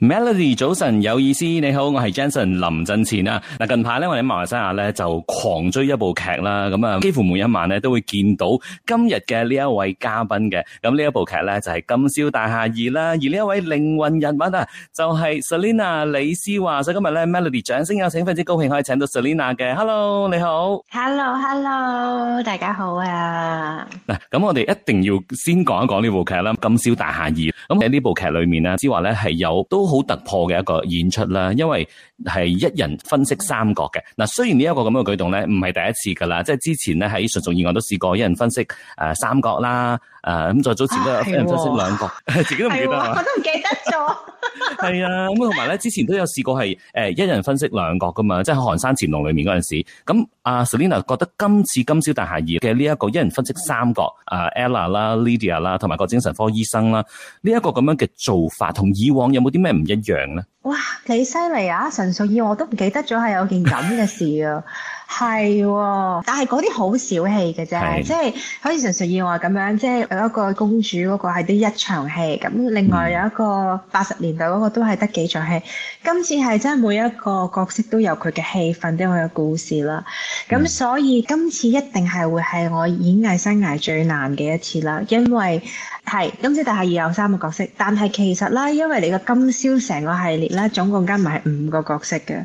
Melody，早晨有意思，你好，我係 Jason 林振前啊。嗱，近排咧我喺馬來西亞咧就狂追一部劇啦，咁啊，幾乎每一晚咧都會見到今日嘅呢一位嘉賓嘅。咁呢一部劇咧就係《金宵大廈二》啦，而呢一位靈魂人物啊就係 Selina 李施嬅。所以今日咧 Melody，掌聲有請，非常之高興可以請到 Selina 嘅。Hello，你好。Hello，Hello，hello, 大家好啊。嗱，咁我哋一定要先講一講呢部劇啦，《金宵大廈二》。咁喺呢部劇裏面啊，施嬅咧係有都。好突破嘅一個演出啦，因為係一人分飾三角嘅。嗱，雖然呢一個咁嘅舉動咧，唔係第一次噶啦，即係之前咧喺純屬意外都試過一人分飾誒三角啦，誒、呃、咁再早前咧都有一人分飾兩角，啊、自己都唔記得、啊啊、我都唔記得咗。 係 啊，咁同埋咧，之前都有試過係誒、呃、一人分析兩角噶嘛，即係寒山潛龍裏面嗰陣時。咁、嗯、阿、啊、Selina 覺得今次《金宵大廈二》嘅呢一個一人分析三角的啊，Ella 啦、Lydia 啦，同埋個精神科醫生啦，呢、這、一個咁樣嘅做法同以往有冇啲咩唔一樣咧？哇，幾犀利啊！純屬意外我都唔記得咗係有件咁嘅事啊！ 係喎、哦，但係嗰啲好少戲嘅啫的，即係好似《神鵰俠侶》咁樣，即係有一個公主嗰個係得一場戲，咁另外有一個八十年代嗰個都係得幾場戲。嗯、今次係真係每一個角色都有佢嘅戲份，都有佢嘅故事啦。咁所以今次一定係會係我演藝生涯最難嘅一次啦，因為係今次但係要有三個角色，但係其實啦，因為你個金宵成個系列啦，總共加埋係五個角色嘅，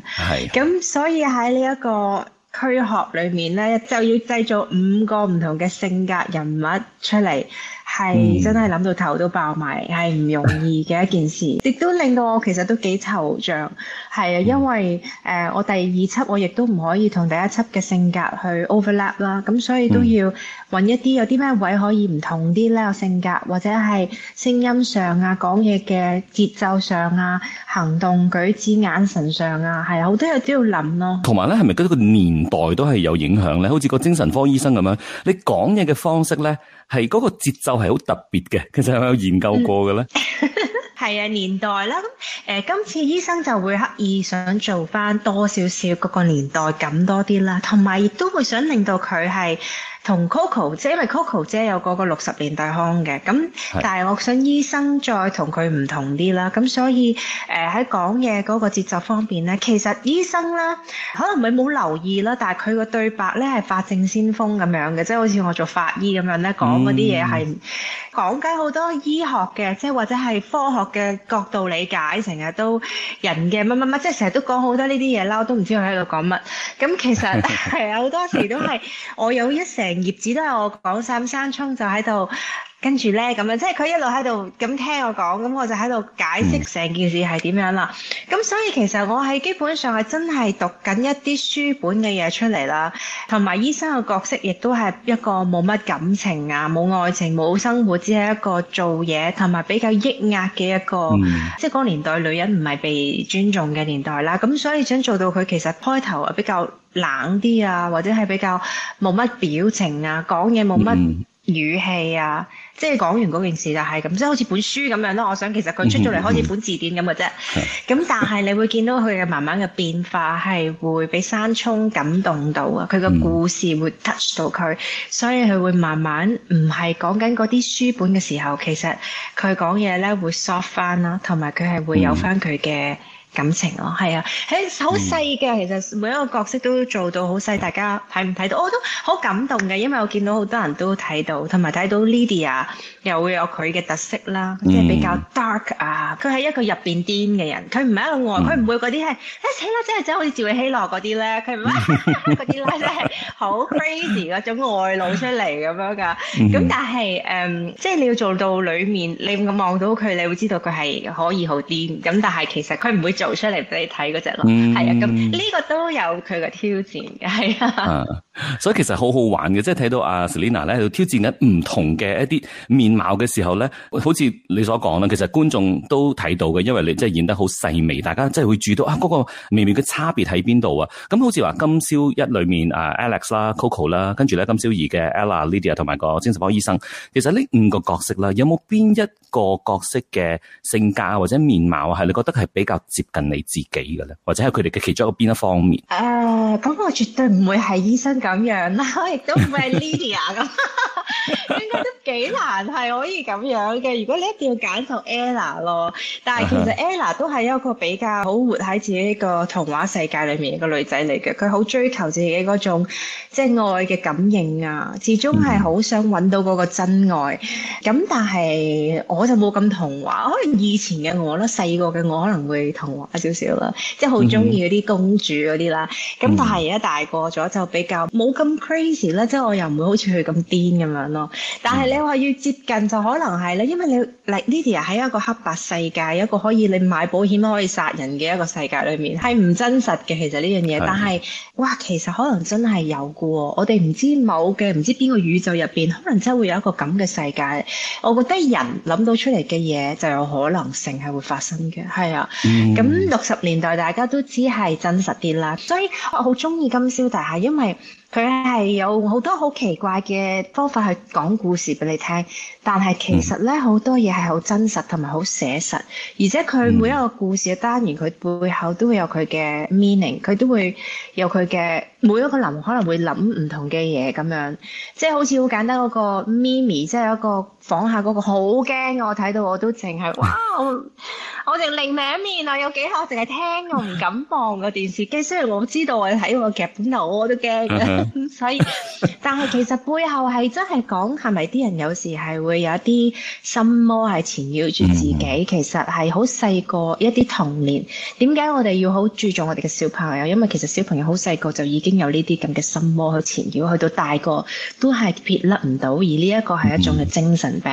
咁的所以喺呢一個軀殼裏面咧，就要製造五個唔同嘅性格人物出嚟。係真係諗到頭都爆埋，係唔容易嘅一件事，亦都令到我其實都幾惆悵。係啊，因為誒我第二輯我亦都唔可以同第一輯嘅性格去 overlap 啦，咁所以都要揾一啲有啲咩位可以唔同啲咧，個性格或者係聲音上啊，講嘢嘅節奏上啊，行動舉止眼神上啊，係啊，好多嘢都要諗咯。同埋咧，係咪覺得個年代都係有影響咧？好似個精神科醫生咁樣，你講嘢嘅方式咧？係嗰個節奏係好特別嘅，其實我有研究過嘅咧？係 啊，年代啦，誒、呃，今次醫生就會刻意想做翻多少少嗰個年代感多啲啦，同埋亦都會想令到佢係。同 Coco，即係因為 Coco 姐有嗰個六十年代腔嘅，咁但係我想醫生再同佢唔同啲啦，咁所以誒喺講嘢嗰個節奏方面咧，其實醫生咧可能唔係冇留意啦，但係佢個對白咧係法證先鋒咁樣嘅，即係好似我做法醫咁樣咧，講嗰啲嘢係講緊好多醫學嘅，即係或者係科學嘅角度理解，成日都人嘅乜乜乜，即係成日都講好多呢啲嘢啦，都唔知佢喺度講乜。咁其實係啊，好多時都係我有一成。葉子都係我講，三山沖就喺度。跟住咧咁樣，即係佢一路喺度咁聽我講，咁我就喺度解釋成件事係點樣啦。咁、嗯、所以其實我係基本上係真係讀緊一啲書本嘅嘢出嚟啦，同埋醫生嘅角色亦都係一個冇乜感情啊，冇愛情、冇生活，只係一個做嘢同埋比較抑壓嘅一個，嗯、即係嗰年代女人唔係被尊重嘅年代啦。咁所以想做到佢其實開頭啊比較冷啲啊，或者係比較冇乜表情啊，講嘢冇乜。語氣啊，即係講完嗰件事就係、是、咁，即係好似本書咁樣咯。我想其實佢出咗嚟好似本字典咁嘅啫。咁、嗯嗯、但係你會見到佢嘅慢慢嘅變化係會俾山聰感動到啊，佢個故事會 touch 到佢，嗯、所以佢會慢慢唔係講緊嗰啲書本嘅時候，其實佢講嘢咧會 soft 翻啦，同埋佢係會有翻佢嘅。嗯感情咯，係啊，係好細嘅，其實每一個角色都做到好細，大家睇唔睇到？我都好感動嘅，因為我見到好多人都睇到，同埋睇到 Lidia 又會有佢嘅特色啦，即係比較 dark 啊！佢係一個入邊癲嘅人，佢唔係一個外，佢唔會嗰啲係，哎死啦！真係真好似趙希樂嗰啲咧，佢唔係嗰啲咧，真係好 crazy 嗰種外露出嚟咁樣㗎。咁但係誒，即係你要做到裡面，你望到佢，你會知道佢係可以好癲。咁但係其實佢唔會做。做出嚟俾你睇嗰隻咯，係啊、嗯，咁呢個都有佢嘅挑戰嘅，係啊，所以其實好好玩嘅，即係睇到阿、啊、Selina 咧，喺度挑戰緊唔同嘅一啲面貌嘅時候咧，好似你所講啦，其實觀眾都睇到嘅，因為你即係演得好細微，大家即係會注意到啊嗰個微妙嘅差別喺邊度啊，咁、那個啊嗯、好似話金宵一裏面啊 Alex 啦、啊、Coco 啦，跟住咧金宵二嘅 Ella、Lydia 同埋個精神科醫生，其實呢五個角色啦，有冇邊一個角色嘅性格或者面貌啊，係你覺得係比較近你自己嘅咧，或者係佢哋嘅其中一個邊一方面？誒，咁我絕對唔會係醫生咁樣啦，亦都唔會係 Lydia 咁，應該都幾難係可以咁樣嘅。如果你一定要揀就 Ella 咯，但係其實 Ella 都係一個比較好活喺自己一個童話世界裏面一個女仔嚟嘅，佢好追求自己嗰種即係愛嘅感應啊，始終係好想揾到嗰個真愛。咁但係我就冇咁童話，可能以前嘅我啦，細個嘅我可能會同。少少啦，即係好中意嗰啲公主嗰啲啦。咁、嗯、但係而家大個咗，就比較冇咁 crazy 啦。即係我又唔會好似佢咁癲咁樣咯。但係你話要接近，就可能係咧，因為你 Lidia、like、喺一個黑白世界，一個可以你買保險可以殺人嘅一個世界裏面，係唔真實嘅。其實呢樣嘢，是的 但係哇，其實可能真係有噶，我哋唔知某嘅唔知邊個宇宙入邊可能真係會有一個咁嘅世界。我覺得人諗到出嚟嘅嘢，就有可能性係會發生嘅。係啊，嗯咁、嗯、六十年代大家都知係真實啲啦，所以我好中意金宵大廈，因為，佢係有好多好奇怪嘅方法去講故事俾你聽，但係其實咧好、嗯、多嘢係好真實同埋好寫實，而且佢每一個故事嘅、嗯、單元，佢背後都會有佢嘅 meaning，佢都會有佢嘅每一個人可能會諗唔同嘅嘢咁樣，即係好似好簡單嗰個 Mimi，即係一個房客嗰、嗰個好驚，我睇到我都淨係哇，我淨令命一面啊，有幾下，我淨係聽我唔敢望」個電視機， 雖然我知道我喺睇個劇本度，我都驚 所以， 但係其實背後係真係講係咪啲人有時係會有一啲心魔係纏繞住自己，mm hmm. 其實係好細個一啲童年。點解我哋要好注重我哋嘅小朋友？因為其實小朋友好細個就已經有呢啲咁嘅心魔去纏繞，去到大個都係撇甩唔到。而呢一個係一種嘅精神病，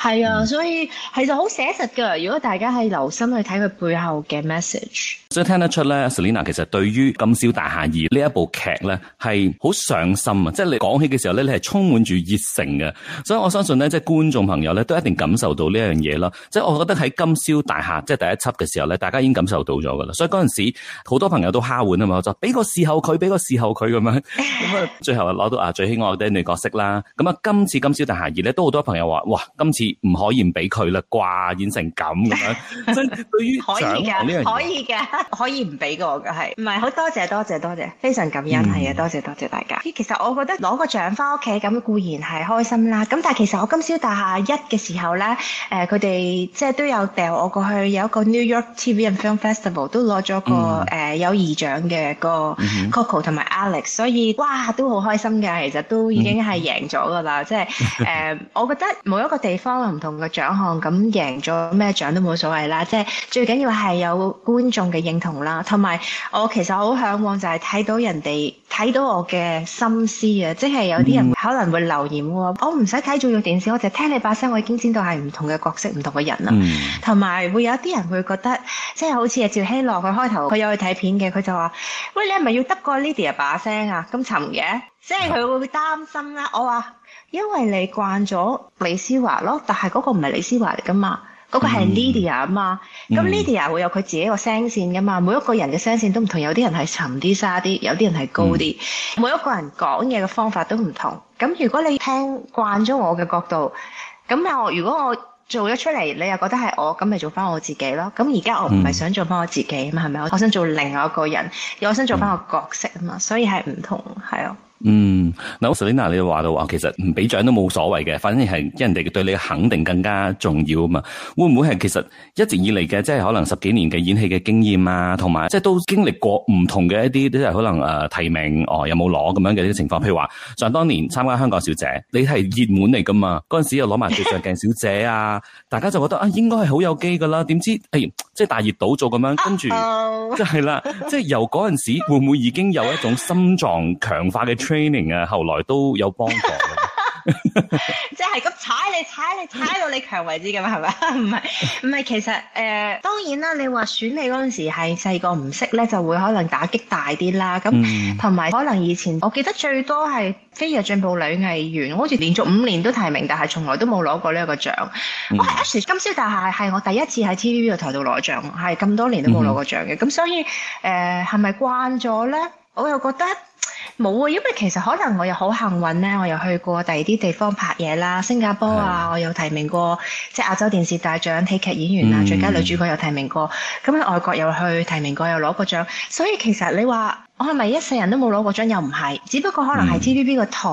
係、mm hmm. 啊，所以其實好寫實噶。如果大家係留心去睇佢背後嘅 message， 所以聽得出咧，Selina 其實對於《金宵大廈二》呢一部劇咧係。好上心啊！即係你講起嘅時候咧，你係充滿住熱誠嘅，所以我相信咧，即係觀眾朋友咧都一定感受到呢樣嘢啦。即係我覺得喺《金宵大廈》即係第一輯嘅時候咧，大家已經感受到咗噶啦。所以嗰陣時好多朋友都蝦碗啊嘛，就俾個伺候佢，俾個伺候佢咁樣。咁啊，最後攞到啊最喜愛嘅女角色啦。咁啊，今次《金宵大廈二》咧都好多朋友話哇，今次唔可以唔俾佢啦，掛演成咁咁樣。真係對於可以嘅，可以嘅，可以唔俾我嘅係。唔係好多謝，多謝，多謝，非常感恩，係啊、嗯，多謝多謝大家。其實我覺得攞個獎翻屋企咁固然係開心啦。咁但係其實我今宵大下一嘅時候咧，誒佢哋即係都有掉我過去有一個 New York TV and Film Festival 都攞咗個誒、嗯呃、優異獎嘅個 Coco 同埋 Alex，、嗯、哼所以哇都好開心嘅。其實都已經係贏咗㗎啦。即係誒，我覺得每一個地方唔同嘅獎項，咁贏咗咩獎都冇所謂啦。即係最緊要係有觀眾嘅認同啦。同埋我其實好向往就係睇到人哋。睇到我嘅心思啊，即係有啲人可能會留言話：嗯、我唔使睇重要電視，我就聽你把聲，我已經知道係唔同嘅角色、唔同嘅人啦。同埋、嗯、會有啲人會覺得，即係好似阿趙希洛，佢開頭佢有去睇片嘅，佢就話：喂，你係咪要得過 Lydia 嘅把聲啊？咁沉嘅，即係佢會擔心啦。我話因為你慣咗李施嬅咯，但係嗰個唔係李施嬅嚟噶嘛。嗰個係 Lydia 啊嘛，咁 Lydia 會有佢自己一個聲線㗎嘛。每一個人嘅聲線都唔同，有啲人係沉啲、沙啲，有啲人係高啲。嗯、每一個人講嘢嘅方法都唔同。咁如果你聽慣咗我嘅角度，咁又如果我做咗出嚟，你又覺得係我咁咪做翻我自己咯？咁而家我唔係想做翻我自己啊嘛，係咪、嗯？我想做另外一個人，又想做翻個角色啊嘛，嗯、所以係唔同係啊。嗯，嗱，Selina，你話到話，其實唔俾獎都冇所謂嘅，反正係人哋對你肯定更加重要啊嘛。會唔會係其實一直以嚟嘅，即係可能十幾年嘅演戲嘅經驗啊，同埋即係都經歷過唔同嘅一啲，即係可能誒、呃、提名，哦有冇攞咁樣嘅情況。譬如話，想當年參加香港小姐，你係熱門嚟噶嘛？嗰陣時又攞埋最上鏡小姐啊， 大家就覺得啊，應該係好有機噶啦。點知誒、哎，即係大熱倒灶咁樣，跟住即係啦，即係由嗰陣時會唔會已經有一種心臟強化嘅 training 啊，後來都有幫助。即係咁踩你，踩你，踩到你強為止嘅嘛，係咪啊？唔係，唔係，其實誒、呃，當然啦。你話選你嗰陣時係細個唔識咧，就會可能打擊大啲啦。咁同埋可能以前，我記得最多係飛躍進步女藝員，好似連續五年都提名，但係從來都冇攞過呢一個獎。嗯、我係其實金宵大廈係我第一次喺 TVB 嘅台度攞獎，係咁多年都冇攞過獎嘅。咁、嗯、所以誒，係、呃、咪慣咗咧？我又覺得。冇啊，因為其實可能我又好幸運咧，我又去過第二啲地方拍嘢啦，新加坡啊，我又提名過即係亞洲電視大獎戲劇演員啊，最佳女主角又提名過，咁喺外國又去提名過，又攞過獎，所以其實你話。我係咪一世人都冇攞過獎又唔係，只不過可能係 TVB 個台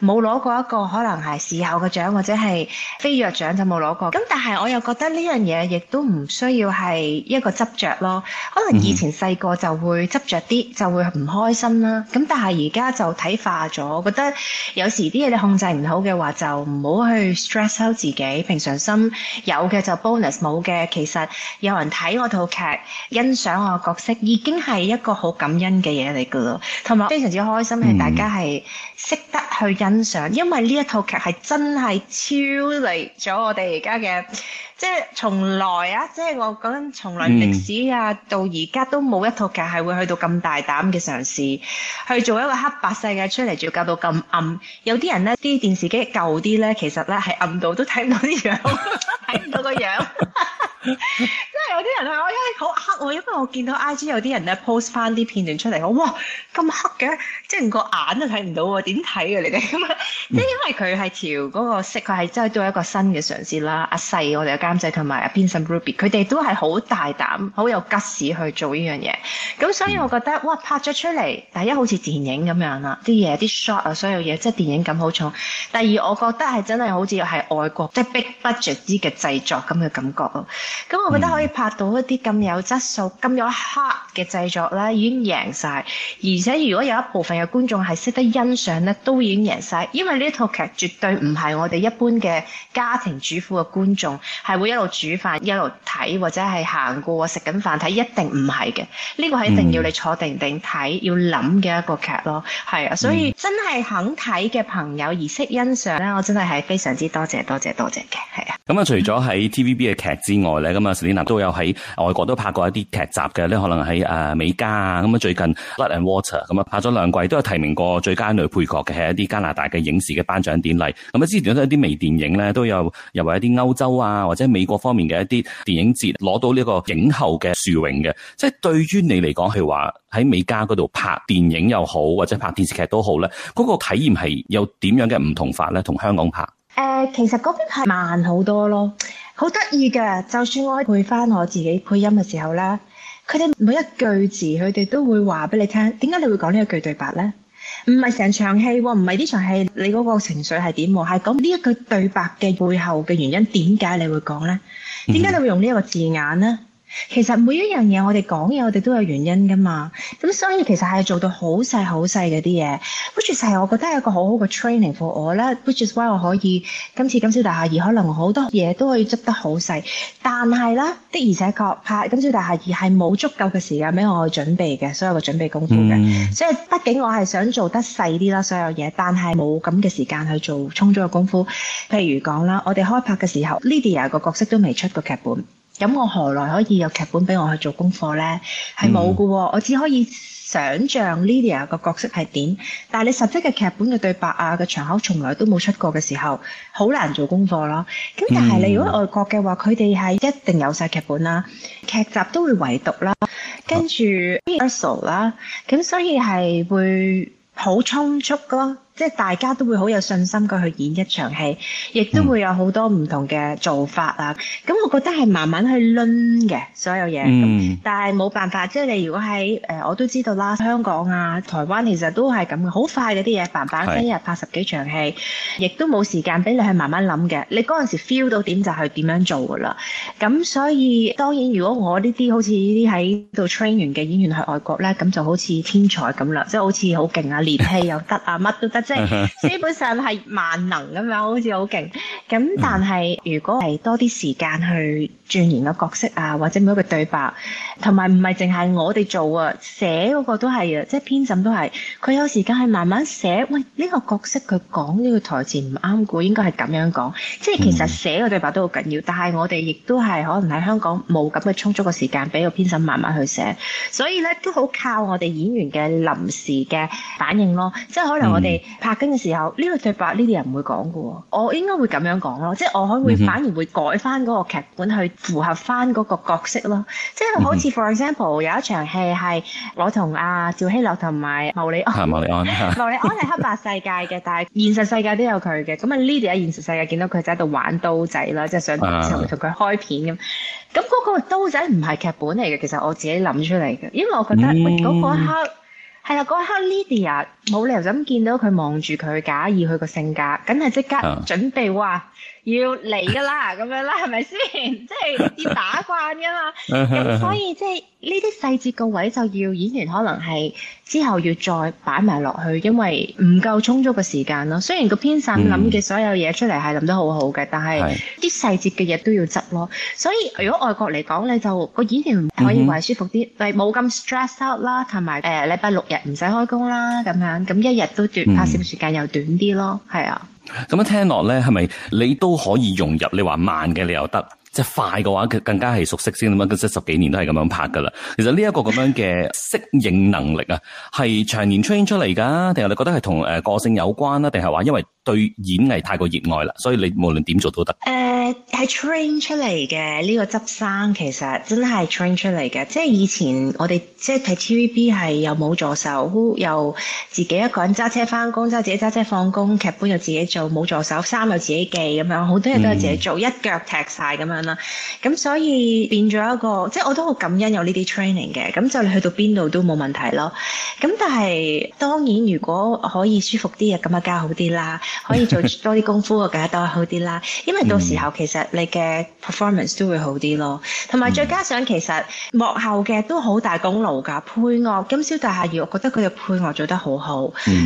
冇攞、嗯、過一個可能係視后嘅獎或者係飛躍獎就冇攞過，咁但係我又覺得呢樣嘢亦都唔需要係一個執着咯。可能以前細個就會執着啲，就會唔開心啦。咁、嗯、但係而家就睇化咗，我覺得有時啲嘢你控制唔好嘅話就唔好去 stress out 自己。平常心有嘅就 bonus，冇嘅其實有人睇我套劇欣賞我角色已經係一個好感恩嘅。嘢嚟噶咯，同埋 非常之開心係大家係識得去欣賞，因為呢一套劇係真係超嚟咗我哋而家嘅，即係從來啊，即係我講緊從來歷史啊，到而家都冇一套劇係會去到咁大膽嘅嘗試，去做一個黑白世界出嚟，仲要搞到咁暗，有啲人咧啲電視機舊啲咧，其實咧係暗到都睇唔到啲樣，睇唔到個樣。 真係有啲人係我因為好黑喎、哦，因為我見到 I G 有啲人咧 post 翻啲片段出嚟，我哇咁黑嘅，即係連個眼都睇唔到喎，點睇嘅你哋？即 係因為佢係調嗰個色，佢係真係都係一個新嘅嘗試啦。阿細我哋嘅監製同埋阿編審 Ruby，佢哋都係好大膽、好有 guts 去做呢樣嘢。咁所以我覺得哇，拍咗出嚟，第一好似電影咁樣啦、啊，啲嘢啲 shot 啊，所有嘢即係電影感好重。第二我覺得係真係好似係外國即係、就是、big budget 嘅製作咁嘅感覺咯、啊。咁、嗯、我覺得可以拍到一啲咁有質素、咁、嗯、有黑嘅製作啦，已經贏晒。而且如果有一部分嘅觀眾係識得欣賞咧，都已經贏晒！因為呢套劇絕對唔係我哋一般嘅家庭主婦嘅觀眾係會一路煮飯一路睇，或者係行過食緊飯睇，一定唔係嘅。呢個係一定要你坐定定睇、要諗嘅一個劇咯。係啊，所以、嗯、真係肯睇嘅朋友而識欣賞咧，我真係係非常之多謝、多謝、多謝嘅。係啊。咁啊、嗯，除咗喺 TVB 嘅劇之外咁啊，Selena 都有喺外國都拍過一啲劇集嘅，咧可能喺誒美加啊，咁啊，最近 Blood and Water 咁啊，拍咗兩季，都有提名過最佳女配角嘅，係一啲加拿大嘅影視嘅頒獎典禮。咁啊，之前都一啲微電影咧，都有又係一啲歐洲啊或者美國方面嘅一啲電影節攞到呢個影后嘅殊榮嘅。即係對於你嚟講，係話喺美加嗰度拍電影又好，或者拍電視劇都好咧，嗰個體驗係有點樣嘅唔同法咧，同香港拍。誒，其實嗰邊係慢好多咯。好得意嘅，就算我配翻我自己配音嘅時候咧，佢哋每一句字，佢哋都會話俾你聽。點解你會講呢一句對白咧？唔係成場戲喎，唔係呢場戲，你嗰個情緒係點？係講呢一句對白嘅背後嘅原因，點解你會講咧？點解你會用呢一個字眼咧？嗯。其實每一樣嘢，我哋講嘢，我哋都有原因噶嘛。咁所以其實係做到好細、好細嗰啲嘢，which is why 我覺得係一個好好嘅 training for 我啦。which is why 我可以今次金宵大廈二可能好多嘢都可以執得好細，但係咧，的而且確拍金宵大廈二係冇足夠嘅時間俾我去準備嘅所有嘅準備功夫嘅。嗯、所以畢竟我係想做得細啲啦，所有嘢，但係冇咁嘅時間去做充足嘅功夫。譬如講啦，我哋開拍嘅時候 Lydia 個角色都未出過劇本。咁我何來可以有劇本俾我去做功課呢？係冇嘅喎，我只可以想像 Lydia 個角色係點。但係你實際嘅劇本嘅對白啊、嘅場口從來都冇出過嘅時候，好難做功課咯。咁但係你如果外國嘅話，佢哋係一定有晒劇本啦，劇集都會圍讀啦，跟住 m u s c 好 l 啦，咁所以係會好充足咯。即係大家都會好有信心咁去演一場戲，亦都會有好多唔同嘅做法啊！咁、嗯、我覺得係慢慢去攆嘅所有嘢。嗯、但係冇辦法，即係你如果喺誒、呃，我都知道啦，香港啊、台灣其實都係咁嘅，好快嗰啲嘢，繁版一日拍十幾場戲，亦都冇時間俾你去慢慢諗嘅。你嗰陣時 feel 到點就係、是、點樣做㗎啦。咁所以當然，如果我呢啲好似呢啲喺度 train 完嘅演員去外國呢，咁就好似天才咁啦，即係好似好勁啊，連戲又得啊，乜都得。 即係基本上係萬能咁樣，好似好勁。咁但係如果係多啲時間去鑽研個角色啊，或者每一個對白，同埋唔係淨係我哋做啊，寫嗰個都係啊，即係編審都係。佢有時間係慢慢寫。喂，呢、呢個角色佢講呢個台詞唔啱，故應該係咁樣講。即係其實寫個對白都好緊要，但係我哋亦都係可能喺香港冇咁嘅充足嘅時間俾個編審慢慢去寫，所以咧都好靠我哋演員嘅臨時嘅反應咯。即係可能我哋、嗯。拍緊嘅時候，呢、呢個對白呢啲人唔會講嘅喎，我應該會咁樣講咯，即係我可能會反而會改翻嗰個劇本去符合翻嗰個角色咯，即係好似 for example 有一場戲係我同阿趙希樂同埋毛利安，毛利、啊、安係、啊、 黑白世界嘅， 但係現實世界都有佢嘅，咁啊呢啲喺現實世界見到佢就喺度玩刀仔啦，即係上台時候同佢開片咁，咁嗰個刀仔唔係劇本嚟嘅，其實我自己諗出嚟嘅，因為我覺得嗰個一刻。嗯係啦，嗰一刻 Lydia 冇理由咁見到佢，望住佢，假意佢個性格，梗係即刻準備話。啊 要嚟噶啦，咁樣啦，係咪先？即係要打慣噶嘛，咁、 嗯、所以即係呢啲細節個位就要演員可能係之後要再擺埋落去，因為唔夠充足嘅時間咯。雖然個編審諗嘅所有嘢出嚟係諗得好好嘅，但係啲是細節嘅嘢都要執咯。所以如果外國嚟講，你就、個演員可以話舒服啲，但係冇咁 stress out 啦，同埋誒禮拜六日唔使開工啦，咁樣咁一日都短拍攝時間又短啲咯，係啊。咁樣聽落咧，係咪你都可以融入？你話慢嘅你又得，即係快嘅話，佢更加係熟悉先咁樣。即係十幾年都係咁樣拍噶啦。其實呢一個咁樣嘅適應能力啊，係長年 train 出嚟噶，定係你覺得係同誒個性有關啦？定係話因為？對演藝太過熱愛啦，所以你無論點做都得。誒係 train 出嚟嘅呢個執生，其實真係 train 出嚟嘅。即係以前我哋即係睇 TVB 係又冇助手，又自己一個人揸車返工，揸自己揸車放工，劇本又自己做，冇助手，衫又自己寄，咁樣，好多嘢都係自己做，mm. 一腳踢晒咁樣啦。咁所以變咗一個，即係我都好感恩有呢啲 training 嘅，咁就你去到邊度都冇問題咯。咁但係當然如果可以舒服啲啊，咁啊加好啲啦。 笑夢可以做多啲功夫，更加多好啲啦。因為到時候其實你嘅 performance 都會好啲咯。同埋再加上其實幕後嘅都好大功勞㗎。配樂金宵大廈二》，我覺得佢嘅配樂做得好好。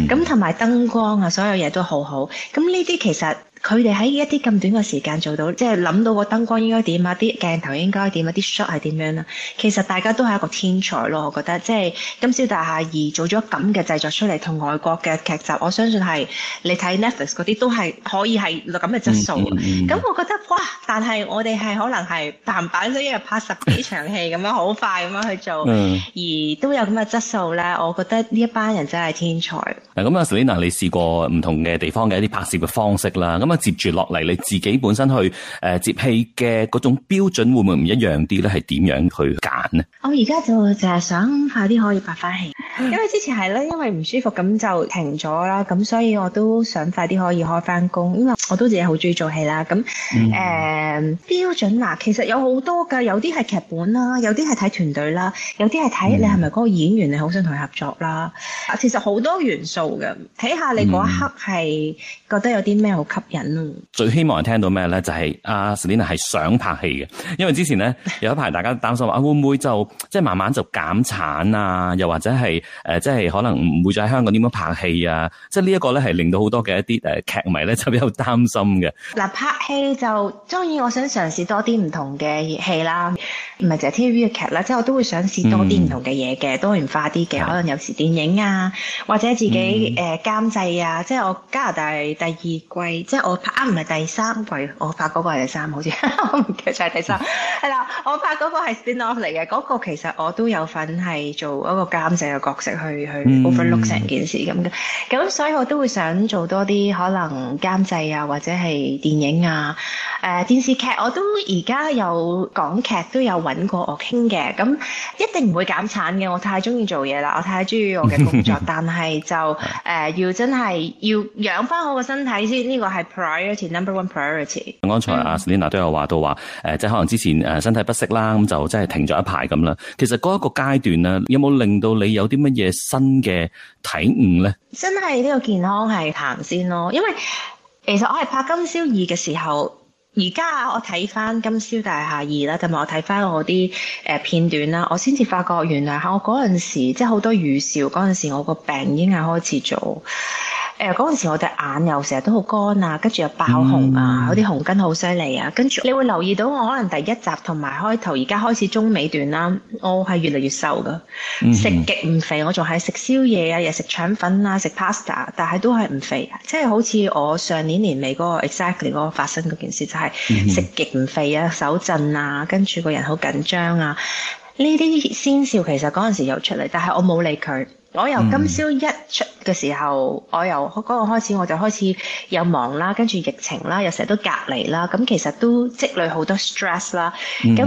咁同埋燈光啊，所有嘢都好好。咁呢啲其實。佢哋喺一啲咁短嘅時間做到，即係諗到個燈光應該點啊，啲鏡頭應該點啊，啲 shot 係點樣啦。其實大家都係一個天才咯，我覺得。即係金宵大廈而做咗咁嘅製作出嚟，同外國嘅劇集，我相信係，你睇 Netflix 嗰啲都係可以係咁嘅質素。咁我覺得哇！但係我哋係可能係彈板咗一日拍十幾場戲咁樣好快咁樣去做，嗯、而都有咁嘅質素咧。我覺得呢一班人真係天才。嗱咁阿、嗯、Selina，你試過唔同嘅地方嘅一啲拍攝嘅方式啦。咁接住落嚟你自己本身去誒、呃、接戲嘅嗰種標準會唔會唔一樣啲咧？係點樣去揀呢？我而家就就係想快啲可以拍翻戲，因為之前係咧，因為唔舒服咁就停咗啦。咁所以我都想快啲可以開翻工，因為我都自己好中意做戲啦。咁誒、嗯呃，標準嗱，其實有好多噶，有啲係劇本啦，有啲係睇團隊啦，有啲係睇你係咪嗰個演員你好想同佢合作啦。其實好多元素嘅，睇下你嗰一刻係覺得有啲咩好吸引咯、嗯。最希望係聽到咩咧？就係、是、阿、啊、Selina 係想拍戲嘅，因為之前咧有一排大家都擔心話 啊會唔會就即係慢慢就減產啊，又或者係誒、呃、即係可能唔會再喺香港點樣拍戲啊？即係呢一個咧係令到好多嘅一啲誒、啊、劇迷咧就比較擔心嘅。嗱拍戲就當然我想嘗試多啲唔同嘅戲啦，唔係就係 TVB 嘅劇啦，即係我都會想嘗試多啲唔同嘅嘢嘅，嗯、多元化啲嘅，可能有時電影啊～或者自己誒監製啊，嗯、即係我加拿大第二季，即係我拍啊唔係第三季，我拍嗰個係第三，好似 我唔記得咗係第三，係啦， 我拍嗰個係 spin off 嚟嘅。嗰、那個其實我都有份係做一個監製嘅角色去去 overlook 成件事咁嘅，咁、嗯、所以我都會想做多啲可能監製啊，或者係電影啊，誒、呃、電視劇我都而家有港劇都有揾過我傾嘅，咁一定唔會減產嘅，我太中意做嘢啦，我太中意我嘅工作。工作。 但係就誒、呃，要真係要養翻好個身體先，呢、這個係 priority number one priority。剛才阿 Selina 都有話到話，誒、呃，即係可能之前誒身體不適啦，咁、嗯、就真係停咗一排咁啦。其實嗰一個階段咧、啊，有冇令到你有啲乜嘢新嘅體悟咧？真係呢個健康係行先咯，因為其實我係拍《金宵二》嘅時候。而家我睇翻《金宵大廈二》啦，同埋我睇翻我啲誒片段啦，我先至發覺原來嚇我嗰陣時，即係好多預兆，嗰陣時我個病已經係開始咗。誒嗰陣時，我對眼又成日都好乾啊，跟住又爆紅啊，嗰啲、mm hmm. 紅筋好犀利啊。跟住你會留意到，我可能第一集同埋開頭，而家開始中美段啦、啊，我係越嚟越瘦㗎，食、mm hmm. 極唔肥，我仲係食宵夜啊，又食腸粉啊，食 pasta，但係都係唔肥，即、就、係、是、好似我上年年尾嗰、那個 exactly 嗰個發生嗰件事，就係、是、食極唔肥啊，手震啊，跟住個人好緊張啊，呢啲先兆其實嗰陣時有出嚟，但係我冇理佢。我由今宵一出嘅時候，嗯、我由嗰個開始我就開始有忙啦，跟住疫情啦，又成日都隔離啦，咁其實都積累好多 stress 啦、嗯。咁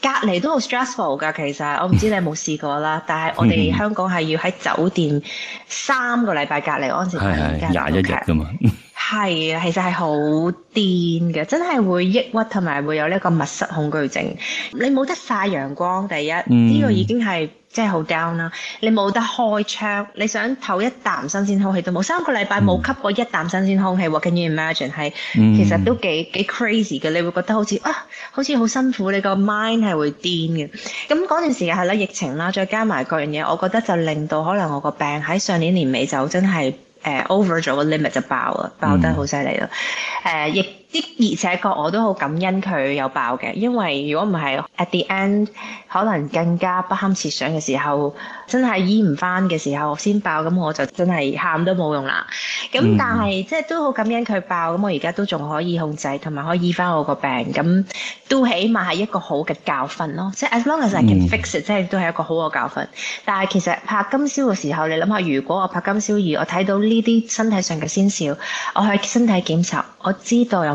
隔離都好 stressful 㗎。其實我唔知你有冇試過啦。嗯、但係我哋香港係要喺酒店三個禮拜隔離，安全啲。係係、嗯、廿一日㗎嘛。 係啊，其實係好癲嘅，真係會抑鬱同埋會有呢個密室恐懼症。你冇得曬陽光，第一呢、嗯、個已經係即係好 down 啦。你冇得開窗，你想透一啖新鮮空氣都冇，三個禮拜冇吸過一啖新鮮空氣喎、嗯啊。Can you imagine？係、嗯、其實都幾幾 crazy 嘅，你會覺得好似啊，好似好辛苦。你、個 mind 係會癲嘅。咁嗰段時間係啦，疫情啦，再加埋各樣嘢，我覺得就令到可能我個病喺上年年年尾就真係。誒、uh, over 咗個 limit 就爆啦，嗯、爆得好犀利啦。誒，亦。的而且確我都好感恩佢有爆嘅，因為如果唔係 at the end 可能更加不堪設想嘅時候，真係醫唔翻嘅時候先爆，咁我就真係喊都冇用啦。咁但係、mm hmm. 即係都好感恩佢爆，咁我而家都仲可以控制，同埋可以醫翻我個病，咁都起碼係一個好嘅教訓咯。即、so、係 as long as I can fix，it,、mm hmm. 即係都係一個好嘅教訓。但係其實拍金宵嘅時候，你諗下，如果我拍金宵二，我睇到呢啲身體上嘅先兆，我去身體檢查，我知道有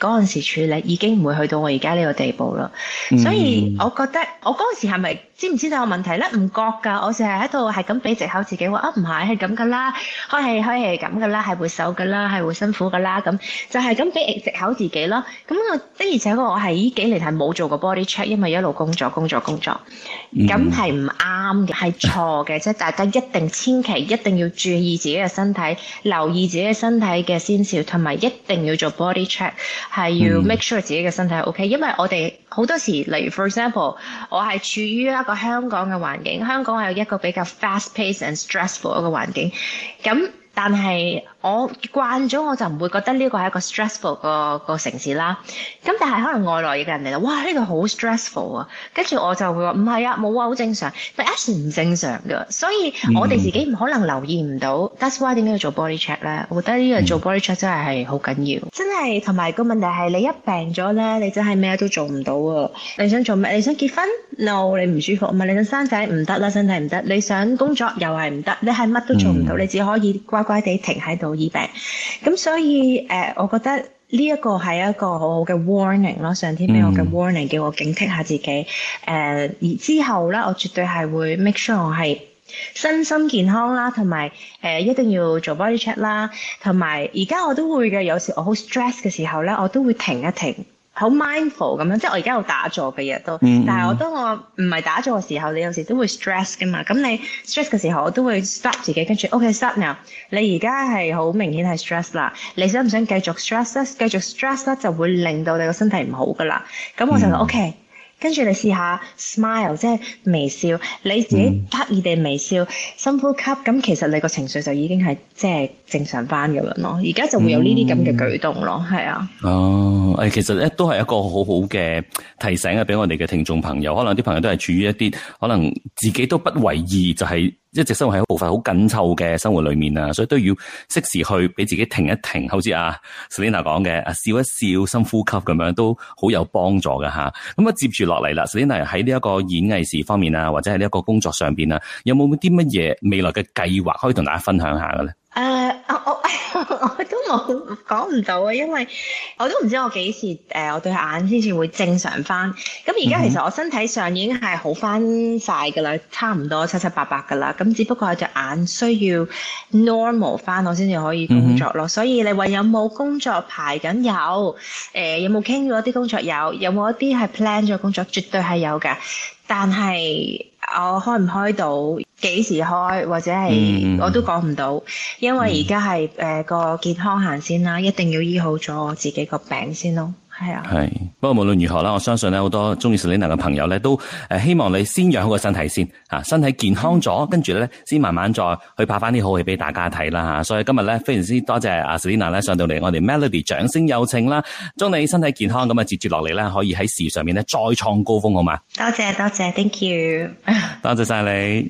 嗰陣時處理已經唔會去到我而家呢個地步咯，嗯、所以我覺得我嗰陣時係咪知唔知道有問題咧？唔覺㗎，我成日喺度係咁俾藉口自己話啊，唔係係咁㗎啦，開戲開戲係咁㗎啦，係會瘦㗎啦，係會辛苦㗎啦，咁就係咁俾藉口自己咯。咁我的而且確我係呢幾年係冇做過 body check，因為一路工作工作工作，咁係唔啱嘅，係、嗯、錯嘅，即係 大家一定千祈一定要注意自己嘅身體， 留意自己嘅身體嘅先兆，同埋一定要做 body check。係要 make sure 自己嘅身體 OK，因為我哋好多時，例如 for example，我係處於一個香港嘅環境，香港係一個比較 fast pace and stressful 一個環境，咁但係，我慣咗我就唔會覺得呢個係一個 stressful 個個城市啦。咁但係可能外來嘅人嚟啦，哇呢、呢個好 stressful 啊！跟住我就會話唔係啊，冇啊，好、啊、正常。但其實唔正常㗎，所以我哋自己唔可能留意唔到。嗯、That's why 點解要做 body check 咧？我覺得呢啲做 body check 真係係好緊要，嗯、真係同埋個問題係你一病咗咧，你真係咩都做唔到啊！你想做咩？你想結婚？no，你唔舒服唔係！你想生仔唔得啦，身體唔得。你想工作又係唔得，你係乜都做唔到，你只可以乖乖地停喺度。嗯耳病，咁所以，誒，我覺得呢一個係一個好好嘅 warning 咯，上天俾我嘅 warning，叫我警惕下自己。誒，而之後咧，我絕對係會 make sure 我係身心健康啦，同埋，誒，一定要做 body check 啦，同埋，而家我都會嘅，有時我好 stress 嘅時候咧，我都會停一停。好 mindful 咁樣，即係我而家有打坐嘅日、嗯嗯、都，但係我當我唔係打坐嘅時候，你有時都會 stress 噶嘛。咁你 stress 嘅時候，我都會 stop 自己，跟住 OK stop now。你而家係好明顯係 stress 啦，你想唔想繼續 stress 咧？繼續 stress 咧就會令到你個身體唔好噶啦。咁我就講、嗯、OK。跟住你試下 smile，即係微笑，你自己刻意地微笑，嗯、深呼吸，咁其實你個情緒就已經係即係正常返咁樣咯。而家就會有呢啲咁嘅舉動咯，係、嗯、啊。哦，誒，其實咧都係一個好好嘅提醒啊，俾我哋嘅聽眾朋友，可能啲朋友都係處於一啲可能自己都不為意就係、是。一直生活喺一個步伐好緊湊嘅生活裏面啊，所以都要適時去俾自己停一停，好似阿 Selena 講嘅，啊，笑一笑，深呼吸咁樣都好有幫助嘅吓。咁、嗯、啊，接住落嚟啦，Selena 喺呢一個演藝事方面啊，或者係呢一個工作上邊啊，有冇啲乜嘢未來嘅計劃可以同大家分享下嘅咧？誒，uh, 我 我都冇講唔到啊，因為我都唔知我幾時誒、呃、我對眼先至會正常翻。咁而家其實我身體上已經係好翻晒噶啦，差唔多七七八八噶啦。咁只不過係隻眼需要 normal 翻，我先至可以工作咯。Uh huh. 所以你話有冇工作排緊？有誒、呃，有冇傾咗啲工作？有，有冇一啲係 plan 咗工作？絕對係有嘅，但係。我開唔開到幾時開，或者係、嗯、我都講唔到，因為而家係誒個健康行先啦，嗯、一定要醫好咗我自己個病先咯。係啊，係。不過無論如何啦，我相信咧，好多中意 Selina 嘅朋友咧，都誒希望你先養好個身體先，吓，身體健康咗，跟住咧先慢慢再去拍翻啲好戲俾大家睇啦吓。所以今日咧非常之多謝阿 Selina 咧上到嚟，我哋 Melody 掌聲有請啦，祝你身體健康節節，咁啊接住落嚟咧可以喺事業上面咧再創高峰，好嘛！多謝 多謝，Thank you，多謝晒你。